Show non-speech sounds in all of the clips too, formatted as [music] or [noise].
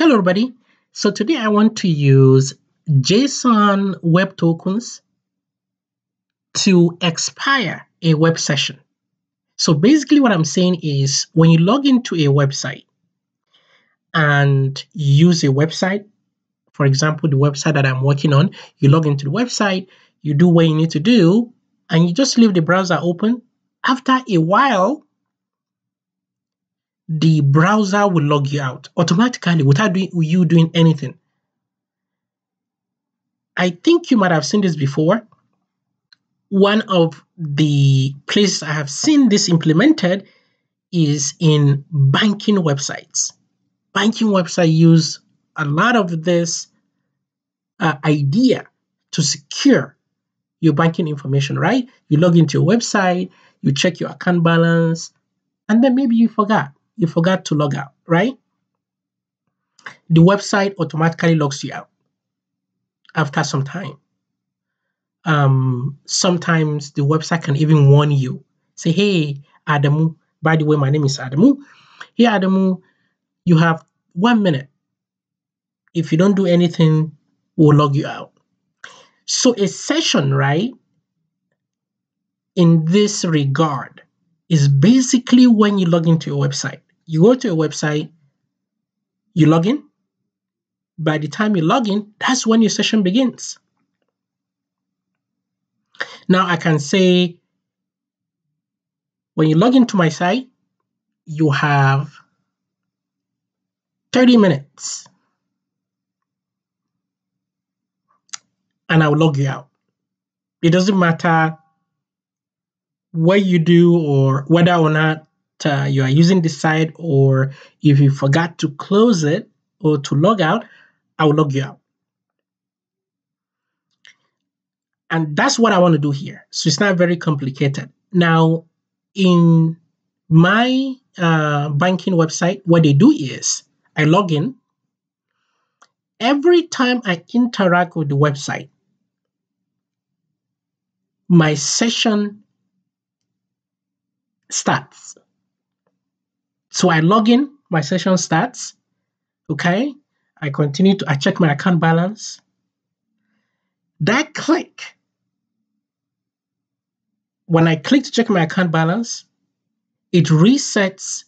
Hello everybody. So today I want to use JSON web tokens to expire a web session. So basically what I'm saying is when you log into a website and use a website, for example, the website that I'm working on, you log into the website, you do what you need to do, and you just leave the browser open. After a while, the browser will log you out automatically without doing, you doing anything. I think you might have seen this before. One of the places I have seen this implemented is in banking websites. Banking websites use a lot of this uh, idea to secure your banking information, right? You log into your website, you check your account balance, and then maybe you forgot you forgot to log out, right? The website automatically logs you out after some time. Um, sometimes the website can even warn you. Say, hey, Adamu, by the way, my name is Adamu. Hey, Adamu, you have one minute. If you don't do anything, we'll log you out. So a session, right, in this regard is basically when you log into your website. You go to your website, you log in. By the time you log in, that's when your session begins. Now I can say when you log into my site, you have 30 minutes. And I'll log you out. It doesn't matter what you do or whether or not uh, you are using the site or if you forgot to close it or to log out, I will log you out. And that's what I want to do here. So it's not very complicated. Now, in my uh, banking website, what they do is I log in. Every time I interact with the website, my session starts. So I log in, my session starts. Okay. I continue to I check my account balance. That click. When I click to check my account balance, it resets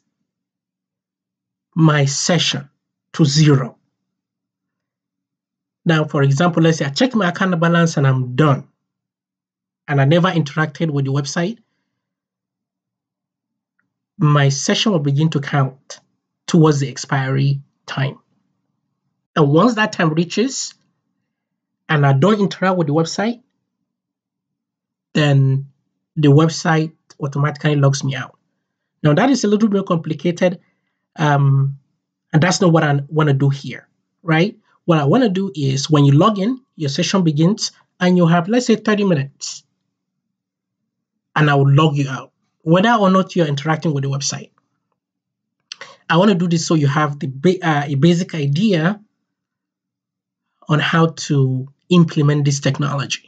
my session to zero. Now, for example, let's say I check my account balance and I'm done. And I never interacted with the website my session will begin to count towards the expiry time. And once that time reaches and I don't interact with the website, then the website automatically logs me out. Now, that is a little bit complicated, um, and that's not what I want to do here, right? What I want to do is when you log in, your session begins, and you have, let's say, 30 minutes, and I will log you out whether or not you're interacting with the website. I want to do this so you have the uh, a basic idea on how to implement this technology.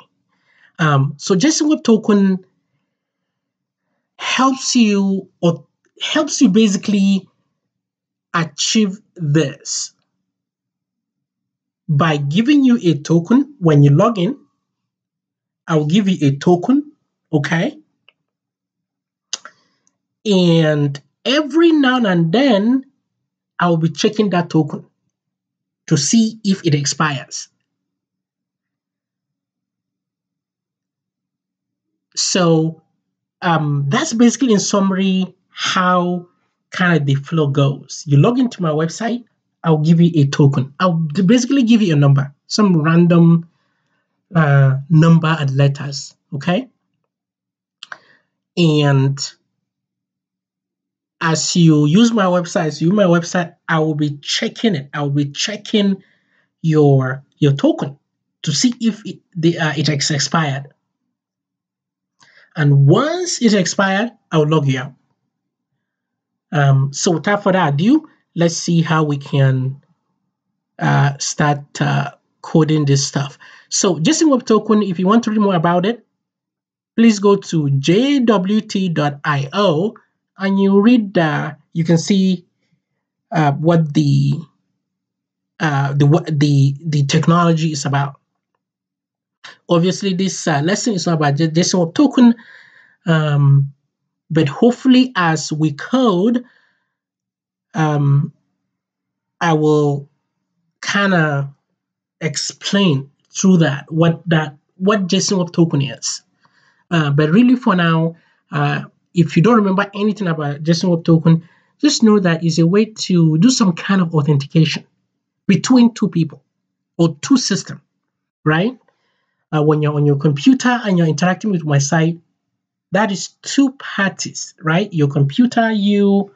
Um, so JSON Web Token helps you or helps you basically achieve this by giving you a token when you log in. I'll give you a token, okay? And every now and then, I'll be checking that token to see if it expires. So um, that's basically in summary how kind of the flow goes. You log into my website, I'll give you a token. I'll basically give you a number, some random uh, number and letters, okay? And as you use my website, as you use my website, I will be checking it. I will be checking your your token to see if it, the uh, has expired. And once it expired, I'll log you out. Um, so without further ado, let's see how we can uh, start uh, coding this stuff. So JSON Web Token, if you want to read more about it, please go to jwt.io and you read the, you can see uh, what the uh, the what the the technology is about. Obviously, this uh, lesson is not about just one token, um, but hopefully, as we code, um, I will kind of explain through that what that what JSON Web Token is. Uh, but really, for now, uh, if you don't remember anything about JSON Web Token, just know that it's a way to do some kind of authentication between two people or two systems, right? Uh, when you're on your computer and you're interacting with my site, that is two parties, right? Your computer, you,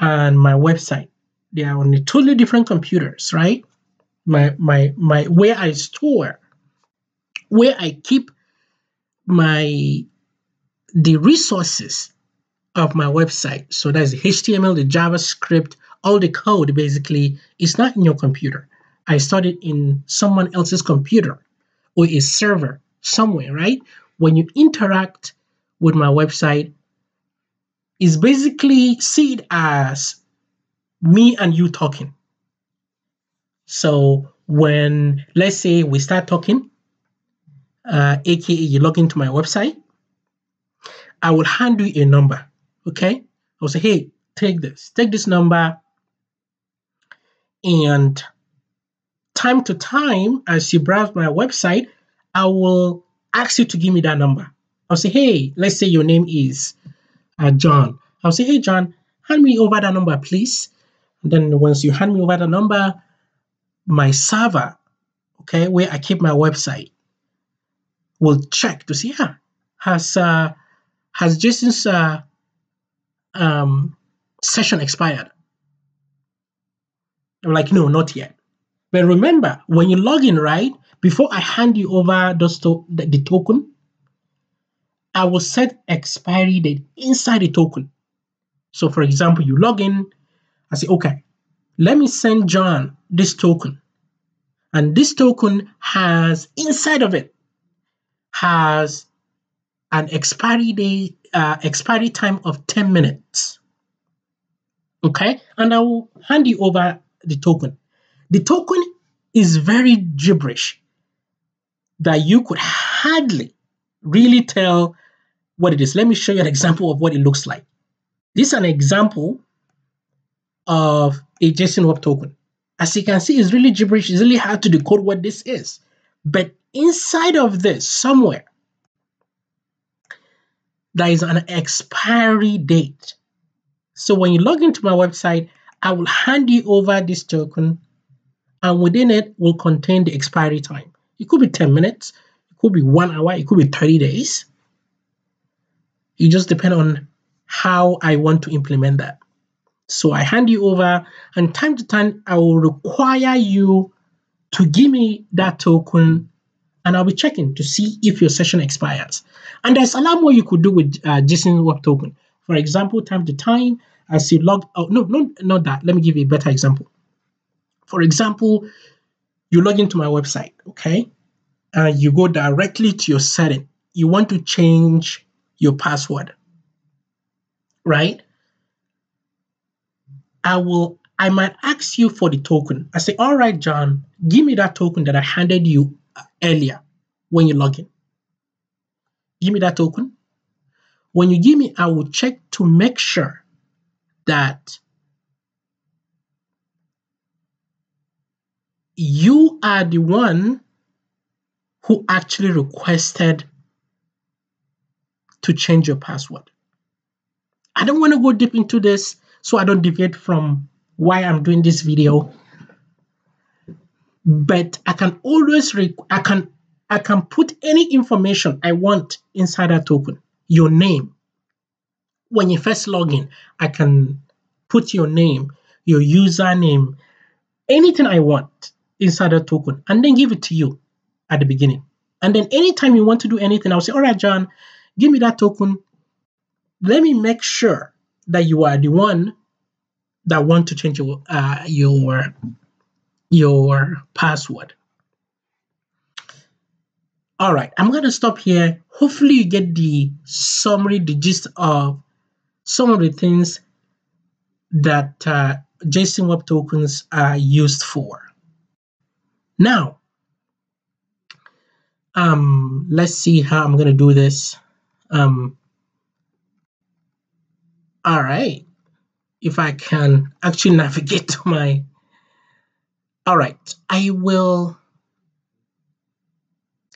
and my website. They are on totally different computers, right? My my my where I store, where I keep my the resources of my website. So that's the HTML, the JavaScript, all the code basically is not in your computer. I started in someone else's computer or a server somewhere, right? When you interact with my website, is basically see it as me and you talking. So when let's say we start talking, uh, aka you log into my website, I will hand you a number. Okay? I'll say, hey, take this, take this number. And time to time, as you browse my website, I will ask you to give me that number. I'll say, hey, let's say your name is uh, John. I'll say, hey, John, hand me over that number, please. And then once you hand me over the number, my server, okay, where I keep my website, will check to see, yeah, has uh, has Jason's uh, um, session expired? I'm like, no, not yet. But remember, when you log in, right, before I hand you over those to- the, the token, I will set expiry date inside the token. So for example, you log in, I say, okay, let me send John this token. And this token has inside of it has an expiry day uh, expiry time of 10 minutes okay and i will hand you over the token the token is very gibberish that you could hardly really tell what it is let me show you an example of what it looks like this is an example of a json web token as you can see it's really gibberish it's really hard to decode what this is but inside of this somewhere there is an expiry date. So when you log into my website, I will hand you over this token and within it will contain the expiry time. It could be 10 minutes, it could be one hour, it could be 30 days. It just depends on how I want to implement that. So I hand you over and time to time, I will require you to give me that token and I'll be checking to see if your session expires. And there's a lot more you could do with uh, JSON Web Token. For example, time to time, as you log out, no, no, not that. Let me give you a better example. For example, you log into my website, okay? And uh, you go directly to your setting. You want to change your password, right? I will I might ask you for the token. I say, all right, John, give me that token that I handed you earlier when you log in. Give me that token. When you give me, I will check to make sure that you are the one who actually requested to change your password. I don't want to go deep into this so I don't deviate from why I'm doing this video but I can always I can I can put any information I want inside that token. Your name. When you first log in, I can put your name, your username, anything I want inside that token, and then give it to you at the beginning. And then anytime you want to do anything, I'll say, all right, John, give me that token. Let me make sure that you are the one that want to change your uh, your your password. All right, I'm going to stop here. Hopefully you get the summary, the gist of some of the things that uh, JSON Web Tokens are used for. Now, um, let's see how I'm going to do this. Um, all right, if I can actually navigate [laughs] to my all right, I will,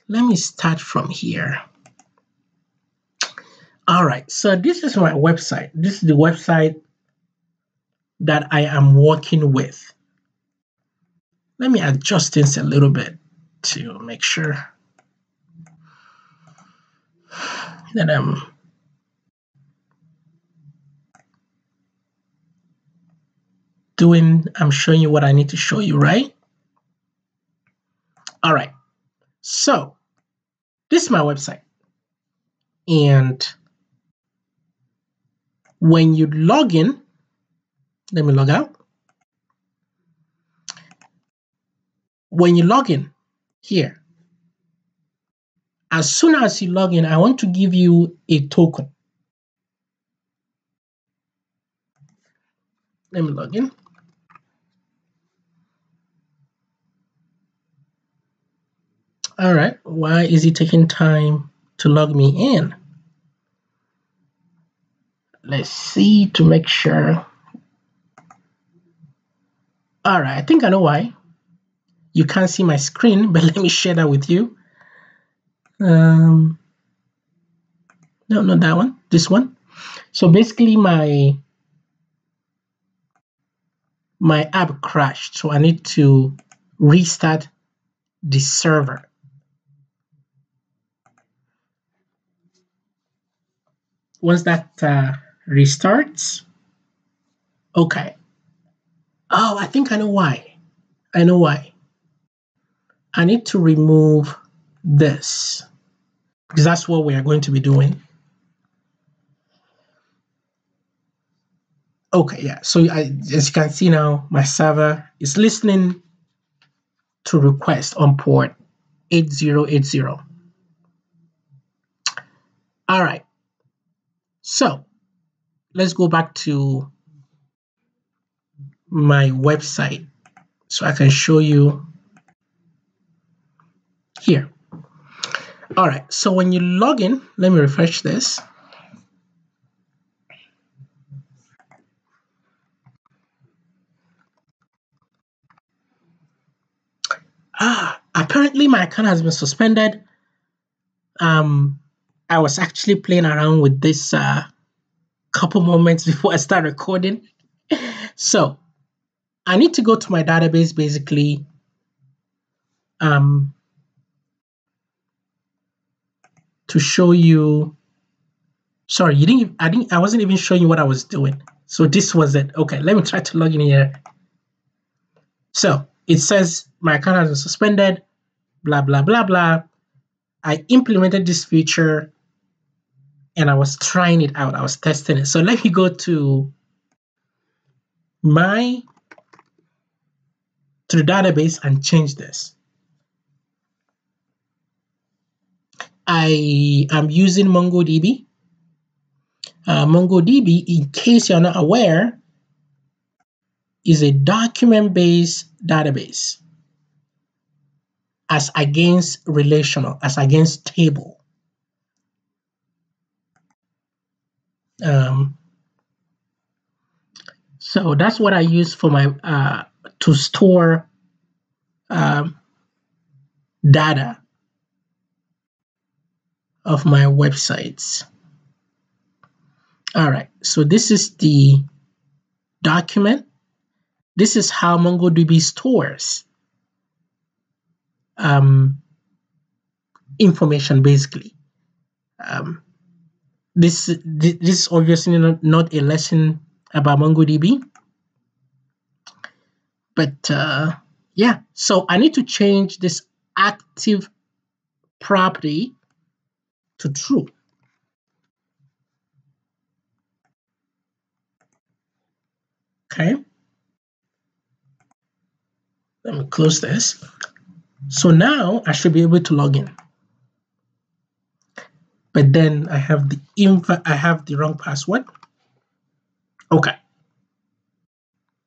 let me start from here. All right, so this is my website. This is the website that I am working with. Let me adjust things a little bit to make sure that I'm doing, I'm showing you what I need to show you, right? All right. So this is my website. And when you log in, let me log out. When you log in here, as soon as you log in, I want to give you a token. Let me log in. all right, why is he taking time to log me in? Let's see to make sure. All right, I think I know why. You can't see my screen, [laughs] but let me share that with you. Um, no, not that one, this one. So basically my my app crashed, so I need to restart the server. once that uh, restarts, okay. Oh, I think I know why. I know why. I need to remove this because that's what we are going to be doing. Okay, yeah. So I, as you can see now, my server is listening to request on port 8080. All right. So let's go back to my website so I can show you here. All right, so when you log in, let me refresh this. Ah, apparently my account has been suspended. Um, I was actually playing around with this uh, couple moments [laughs] before I start recording. so I need to go to my database basically. Um, to show you. Sorry, you didn't. I didn't. I wasn't even showing you what I was doing. So this was it. Okay, let me try to log in here. So it says my account has been suspended. Blah blah blah blah. I implemented this feature and I was trying it out. I was testing it. So let me go to my to the database and change this. I am using MongoDB. Uh, MongoDB, in case you're not aware, is a document-based database as against relational, as against table. Um, so that's what I use for my uh, to store um, data of my websites. All right, so this is the document. This is how MongoDB stores um, information basically. Um, this this is obviously not, not a lesson about MongoDB. But uh, yeah, so I need to change this active property to true. Okay. Let me close this. So now I should be able to log in but then I have the inf- I have the wrong password. Okay.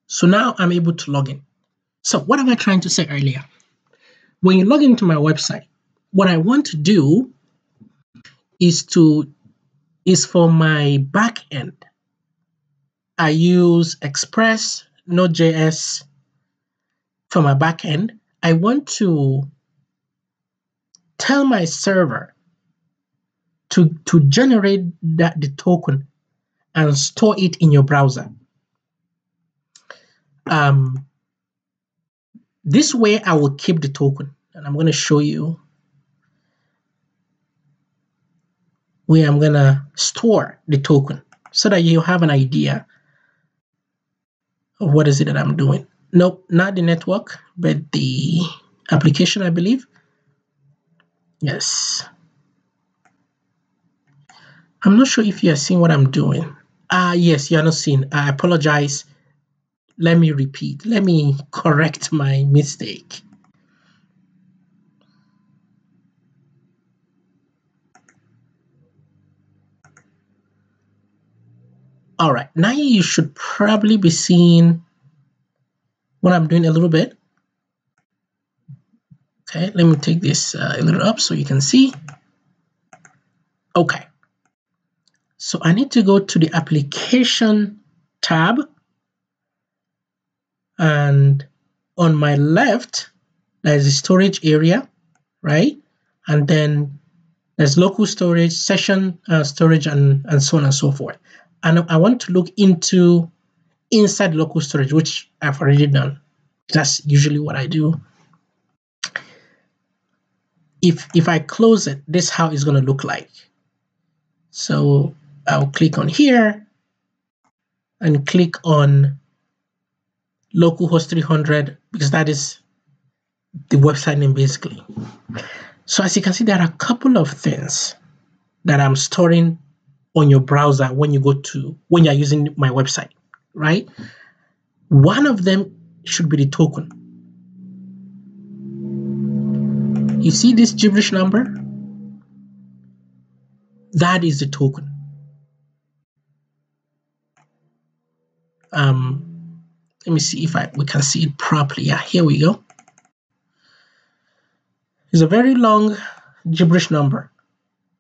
So now I'm able to log in. So what am I trying to say earlier? When you log into my website, what I want to do is to is for my back end. I use Express, Node.js for my back end. I want to tell my server to, to generate that, the token and store it in your browser. Um, this way I will keep the token and I'm going to show you where I'm going to store the token so that you have an idea of what is it that I'm doing. Nope, not the network, but the application, I believe. Yes. I'm not sure if you're seeing what I'm doing. Ah, uh, yes, you're not seeing. I apologize. Let me repeat. Let me correct my mistake. All right, now you should probably be seeing what I'm doing a little bit. Okay, let me take this uh, a little up so you can see. Okay, so I need to go to the application tab and on my left, there's a storage area, right? And then there's local storage, session uh, storage, and, and so on and so forth. And I want to look into inside local storage, which I've already done. That's usually what I do. If, if I close it, this how it's going to look like. So I'll click on here and click on localhost 300 because that is the website name basically. So as you can see, there are a couple of things that I'm storing on your browser when you go to, when you're using my website, right? One of them should be the token. You see this gibberish number? That is the token. um, let me see if I we can see it properly. Yeah, here we go. It's a very long gibberish number,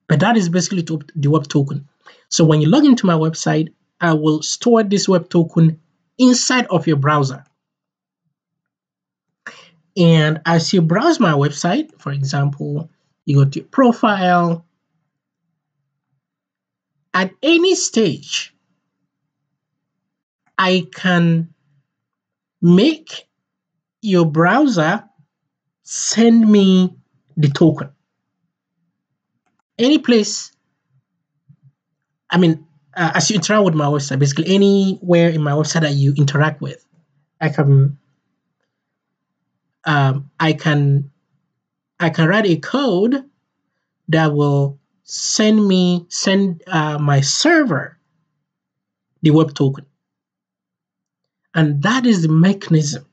but that is basically the web token. So when you log into my website, I will store this web token inside of your browser. And as you browse my website, for example, you go to your profile. At any stage, I can make your browser send me the token. Any place, I mean, uh, as you interact with my website, basically anywhere in my website that you interact with, I can, um, I can, I can write a code that will send me send uh, my server the web token. And that is the mechanism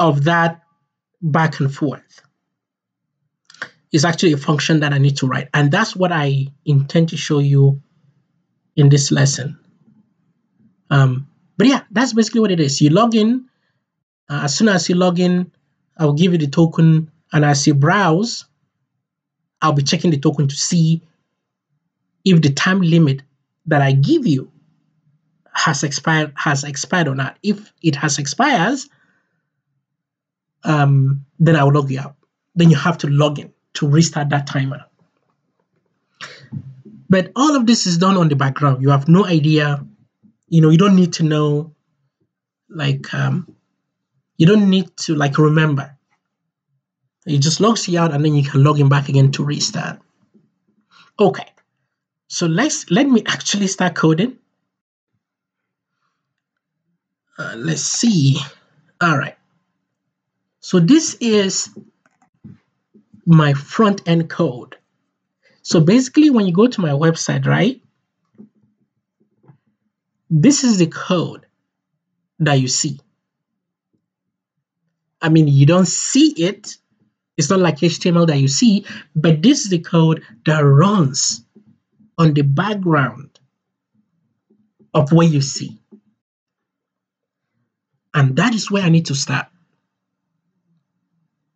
of that back and forth. It's actually a function that I need to write. And that's what I intend to show you in this lesson. Um, but yeah, that's basically what it is. You log in. Uh, as soon as you log in, I'll give you the token. And as you browse, I'll be checking the token to see if the time limit that I give you has expired has expired or not. If it has expires, um, then I will log you out. Then you have to log in to restart that timer. But all of this is done on the background. You have no idea. You know, you don't need to know, like, um, you don't need to like remember. It just logs you out, and then you can log in back again to restart. Okay, so let's let me actually start coding uh, let's see all right so this is my front end code so basically when you go to my website right this is the code that you see i mean you don't see it it's not like html that you see but this is the code that runs on the background of what you see and that is where I need to start.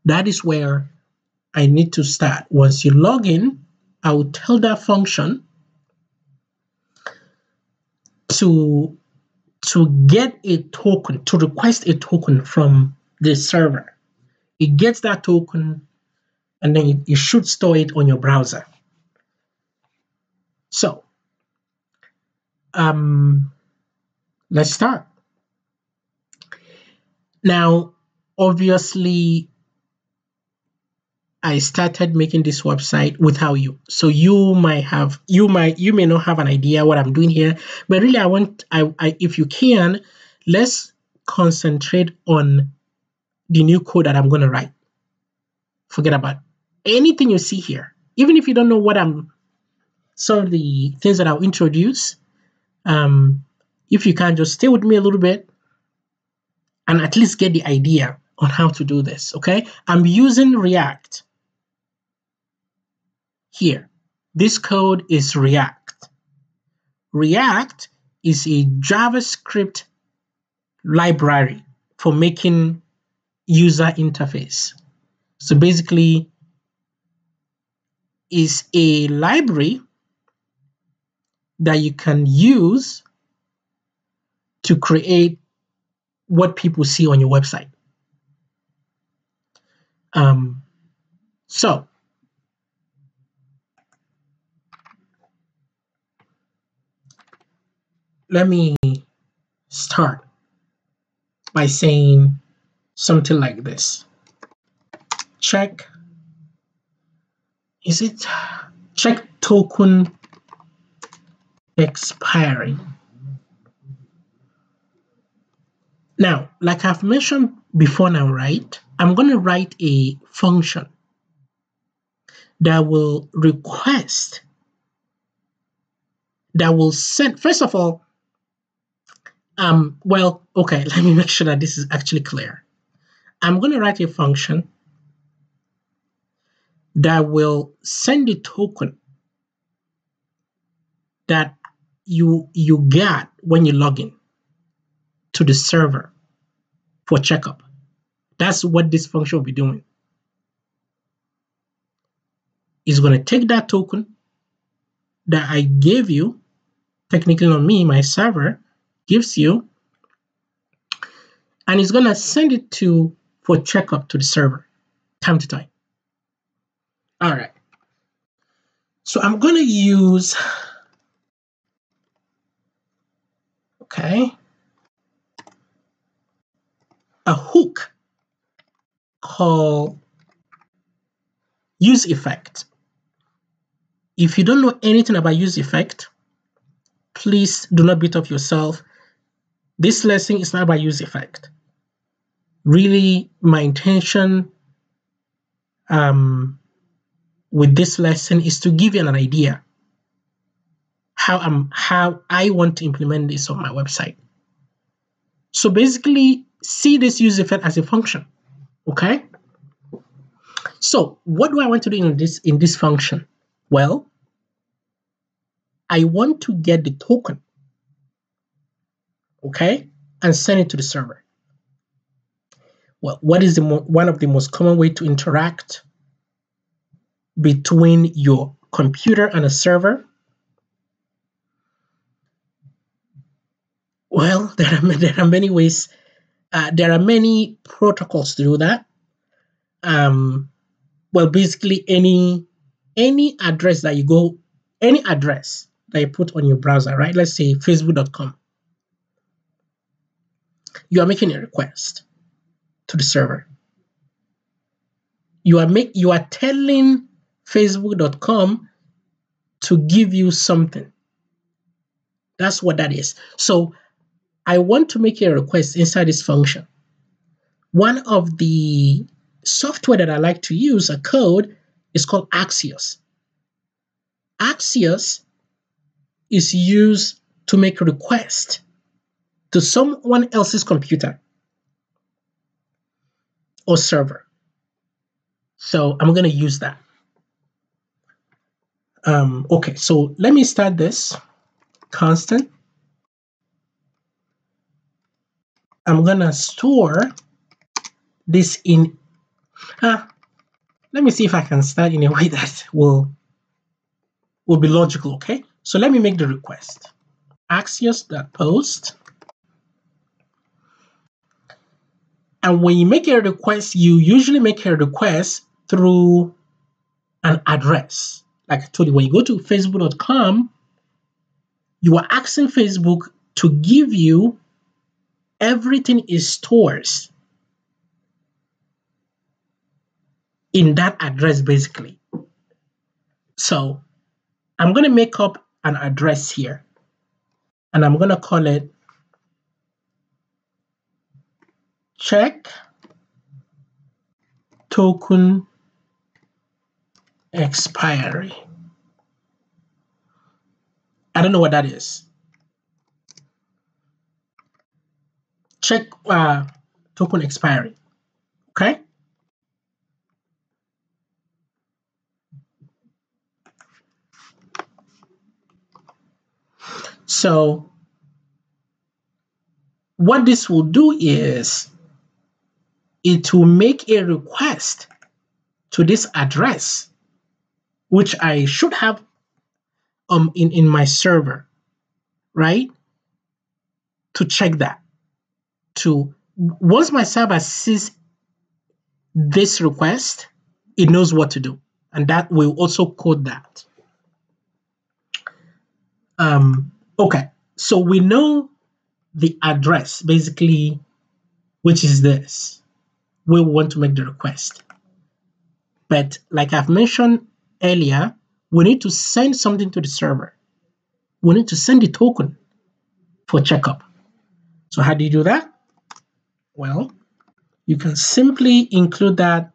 That is where I need to start. Once you log in, I will tell that function to, to get a token, to request a token from the server. It gets that token and then you should store it on your browser. So, um, let's start. Now, obviously, I started making this website without you. So you might have you might you may not have an idea what I'm doing here, but really I want I, I if you can, let's concentrate on the new code that I'm gonna write. Forget about anything you see here. Even if you don't know what I'm some of the things that I'll introduce, um, if you can just stay with me a little bit, and at least get the idea on how to do this, okay? I'm using React here. This code is React. React is a JavaScript library for making user interface. So basically, is a library that you can use to create what people see on your website. Um, so, let me start by saying something like this check is it check token expiring Now, like I've mentioned before now, right, I'm going to write a function that will request, that will send, first of all, um, well, okay, [laughs] let me make sure that this is actually clear. I'm going to write a function that will send a token that you you get when you log in to the server for checkup. That's what this function will be doing. It's going to take that token that I gave you, technically on me, my server gives you, and it's going to send it to for checkup to the server time to time. All right. So I'm going to use, okay a hook called use effect. If you don't know anything about use effect, please do not beat up yourself. This lesson is not about use effect. Really, my intention um, with this lesson is to give you an idea how I'm how I want to implement this on my website. So basically, see this use effect as a function, okay? So what do I want to do in this, in this function? Well, I want to get the token, okay? And send it to the server. Well, what is the one of the most common way to interact between your computer and a server? Well, [laughs] there are, there are many ways uh, there are many protocols to do that. Um, well, basically any any address that you go, any address that you put on your browser, right? Let's say facebook.com. You are making a request to the server. You are make you are telling facebook.com to give you something. That's what that is. So I want to make a request inside this function. One of the software that I like to use, a code, is called Axios. Axios is used to make a request to someone else's computer or server. So I'm going to use that. Um, okay, so let me start this constant I'm gonna store this in uh, let me see if I can start in a way [laughs] that will will be logical okay so let me make the request axios.post and when you make a request you usually make a request through an address like I told you when you go to facebook.com you are asking Facebook to give you everything is stored in that address basically. So I'm going to make up an address here and I'm going to call it check token expiry. I don't know what that is. check uh, token expiry. Okay. So what this will do is it will make a request to this address, which I should have um, in, in my server, right? To check that to once my server sees this request, it knows what to do. And that will also code that. Um, okay, so we know the address, basically, which is this. We want to make the request. But like I've mentioned earlier, we need to send something to the server. We need to send the token for checkup. So how do you do that? Well, you can simply include that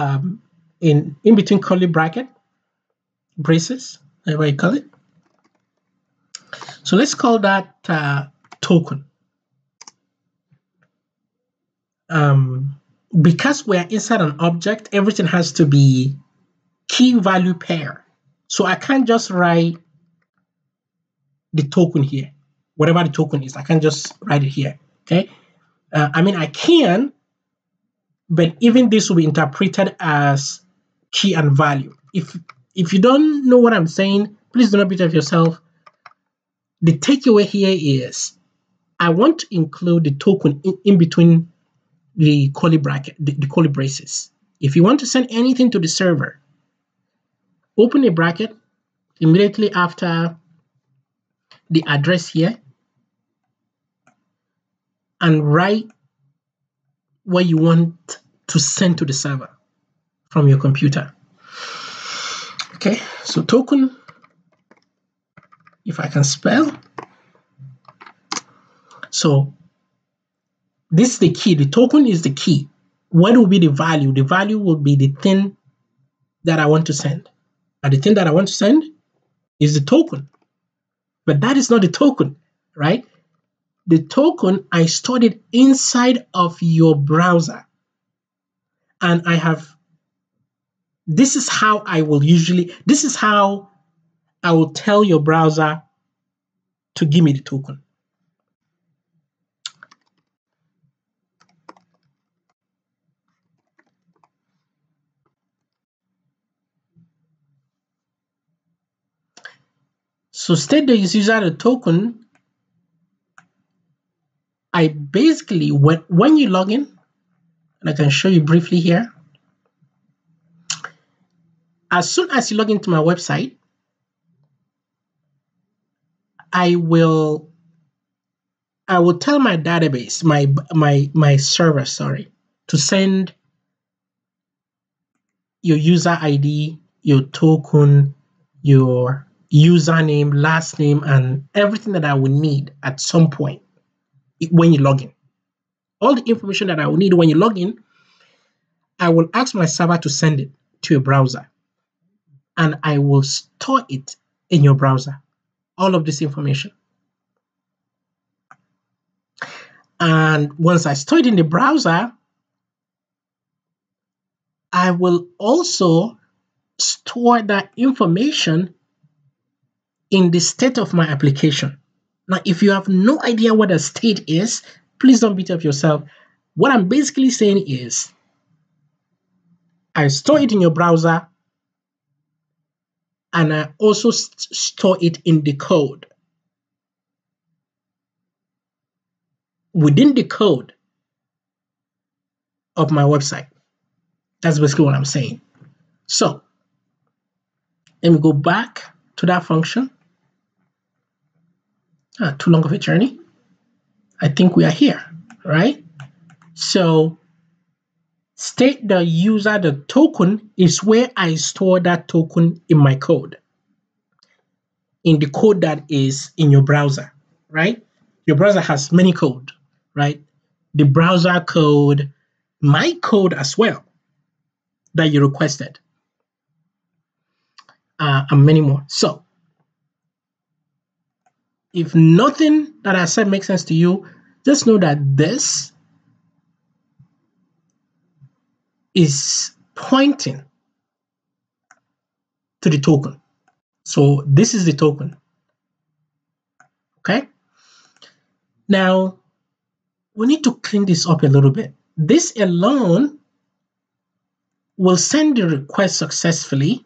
um, in, in between curly bracket, braces, whatever you call it. So let's call that uh, token. Um, because we're inside an object, everything has to be key value pair. So I can't just write the token here, whatever the token is, I can't just write it here, okay? Uh, I mean, I can, but even this will be interpreted as key and value. If if you don't know what I'm saying, please do not beat up yourself. The takeaway here is I want to include the token in, in between the curly bracket, the, the curly braces. If you want to send anything to the server, open a bracket immediately after the address here, and write what you want to send to the server from your computer. Okay, so token, if I can spell. So this is the key. The token is the key. What will be the value? The value will be the thing that I want to send. And the thing that I want to send is the token. But that is not the token, right? the token I stored it inside of your browser. And I have, this is how I will usually, this is how I will tell your browser to give me the token. So state the user the token I basically, when, when you log in, and I can show you briefly here, as soon as you log into my website, I will I will tell my database, my my my server, sorry, to send your user ID, your token, your username, last name, and everything that I will need at some point when you log in. All the information that I will need when you log in, I will ask my server to send it to a browser and I will store it in your browser, all of this information. And once I store it in the browser, I will also store that information in the state of my application. Now, if you have no idea what a state is, please don't beat up yourself. What I'm basically saying is, I store it in your browser and I also st store it in the code. Within the code of my website. That's basically what I'm saying. So, let me go back to that function not ah, too long of a journey. I think we are here, right? So state the user, the token is where I store that token in my code, in the code that is in your browser, right? Your browser has many code, right? The browser code, my code as well that you requested, uh, and many more. So if nothing that I said makes sense to you, just know that this is pointing to the token. So this is the token. Okay. Now, we need to clean this up a little bit. This alone will send the request successfully,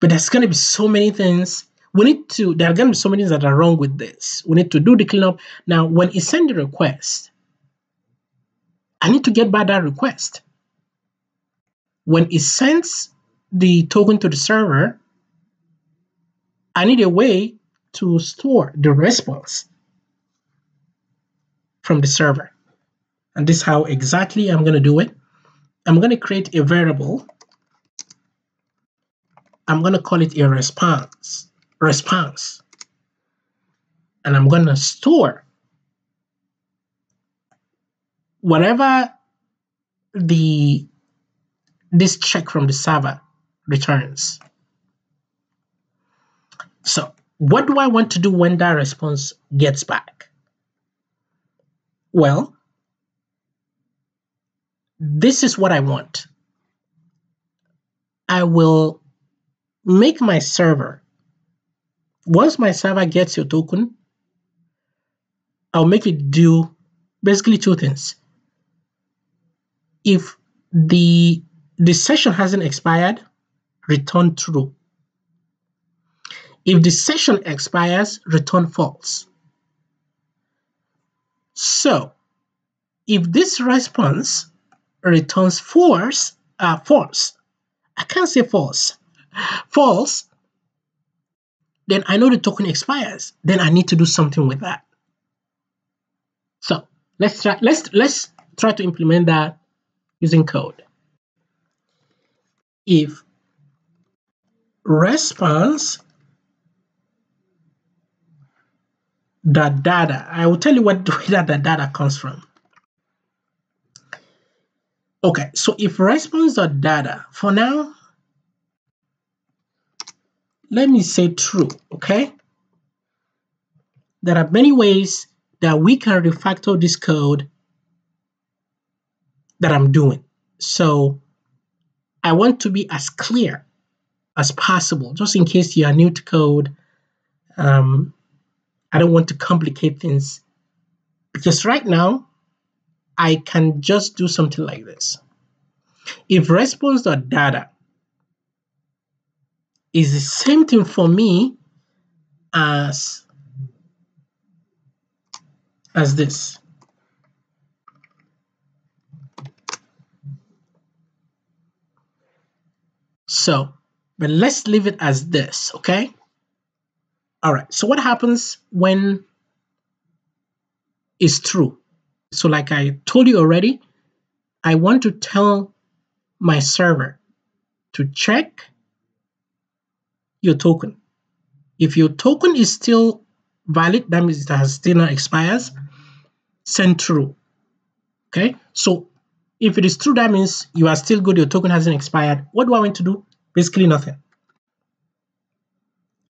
but there's going to be so many things we need to, there are going to be so many things that are wrong with this. We need to do the cleanup. Now, when it send the request, I need to get back that request. When it sends the token to the server, I need a way to store the response from the server. And this is how exactly I'm going to do it. I'm going to create a variable. I'm going to call it a response response. And I'm going to store whatever the this check from the server returns. So what do I want to do when that response gets back? Well, this is what I want. I will make my server once my server gets your token, I'll make it do basically two things. If the the session hasn't expired, return true. If the session expires, return false. So if this response returns false, uh, false, I can't say false, [laughs] false, then I know the token expires. Then I need to do something with that. So let's try let's let's try to implement that using code. If response that data, I will tell you what [laughs] where that data comes from. Okay, so if response data for now, let me say true, okay? There are many ways that we can refactor this code that I'm doing. So I want to be as clear as possible, just in case you are new to code. Um, I don't want to complicate things because right now I can just do something like this. If response.data is the same thing for me as as this. So, but let's leave it as this, okay? All right, so what happens when it's true? So like I told you already, I want to tell my server to check your token. If your token is still valid, that means it has still not expires, send true. Okay, so if it is true, that means you are still good, your token hasn't expired. What do I want to do? Basically nothing.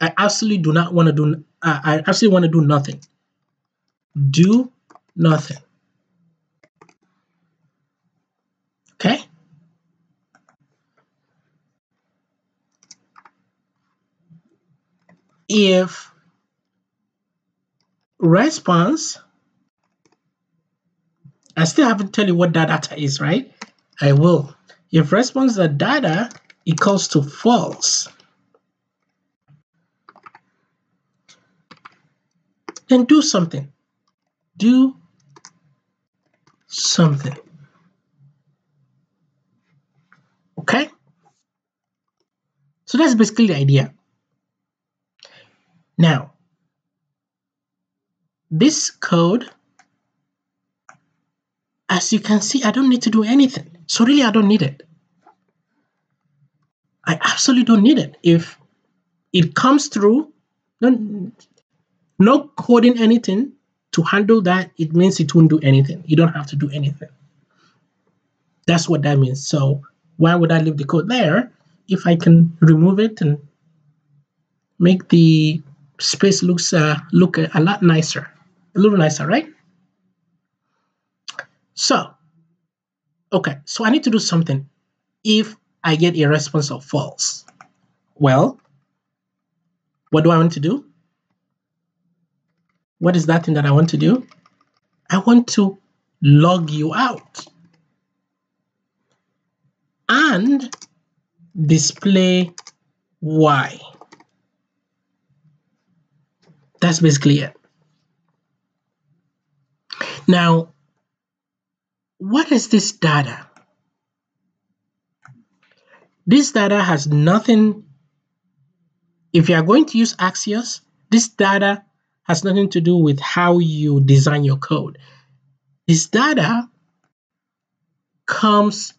I absolutely do not want to do, uh, I absolutely want to do nothing. Do nothing. if response, I still haven't tell you what that data is, right? I will. If response the data equals to false, then do something. Do something. Okay? So that's basically the idea. Now, this code, as you can see, I don't need to do anything. So really, I don't need it. I absolutely don't need it. If it comes through, no coding anything to handle that, it means it won't do anything. You don't have to do anything. That's what that means. So why would I leave the code there if I can remove it and make the space looks uh, look a, lot nicer, a little nicer, right? So, okay, so I need to do something if I get a response of false. Well, what do I want to do? What is that thing that I want to do? I want to log you out and display why. That's basically it. Now, what is this data? This data has nothing, if you are going to use Axios, this data has nothing to do with how you design your code. This data comes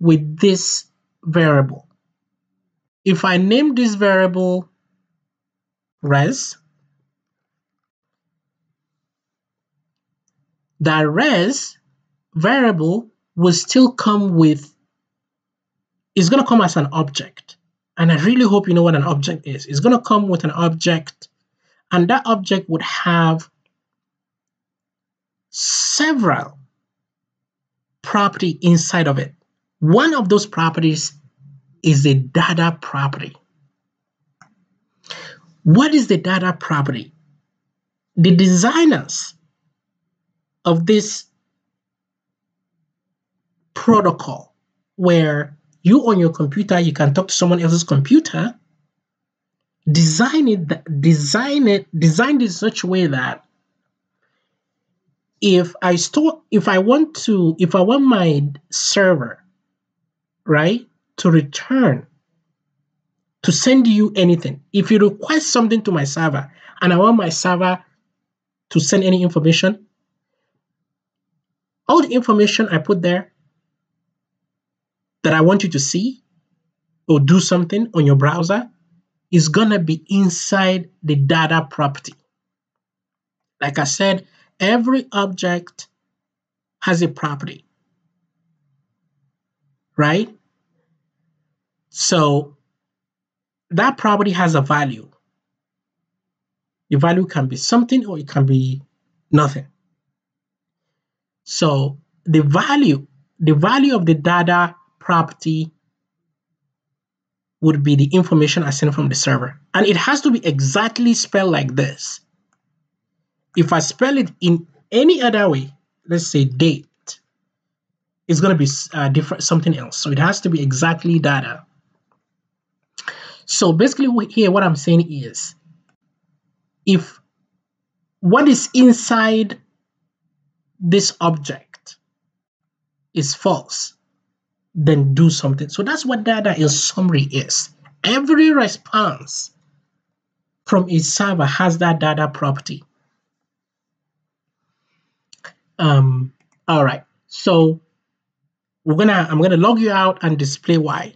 with this variable. If I name this variable res. That res variable will still come with, it's going to come as an object. And I really hope you know what an object is. It's going to come with an object, and that object would have several property inside of it. One of those properties is the data property. What is the data property? The designers of this protocol where you on your computer, you can talk to someone else's computer, design it, design it, designed it in such a way that if I store, if I want to, if I want my server, right, to return to send you anything. If you request something to my server and I want my server to send any information, all the information I put there that I want you to see or do something on your browser is gonna be inside the data property. Like I said, every object has a property, right? So that property has a value. The value can be something or it can be nothing. So the value, the value of the data property would be the information I send from the server. And it has to be exactly spelled like this. If I spell it in any other way, let's say date, it's going to be uh, different, something else. So it has to be exactly data. So basically here what I'm saying is if what is inside this object is false, then do something. So that's what data in summary is. Every response from a server has that data property. Um, all right, so we're gonna I'm gonna log you out and display why.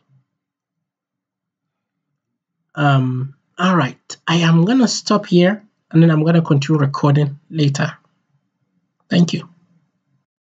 Um, all right, I am going to stop here and then I'm going to continue recording later. Thank you.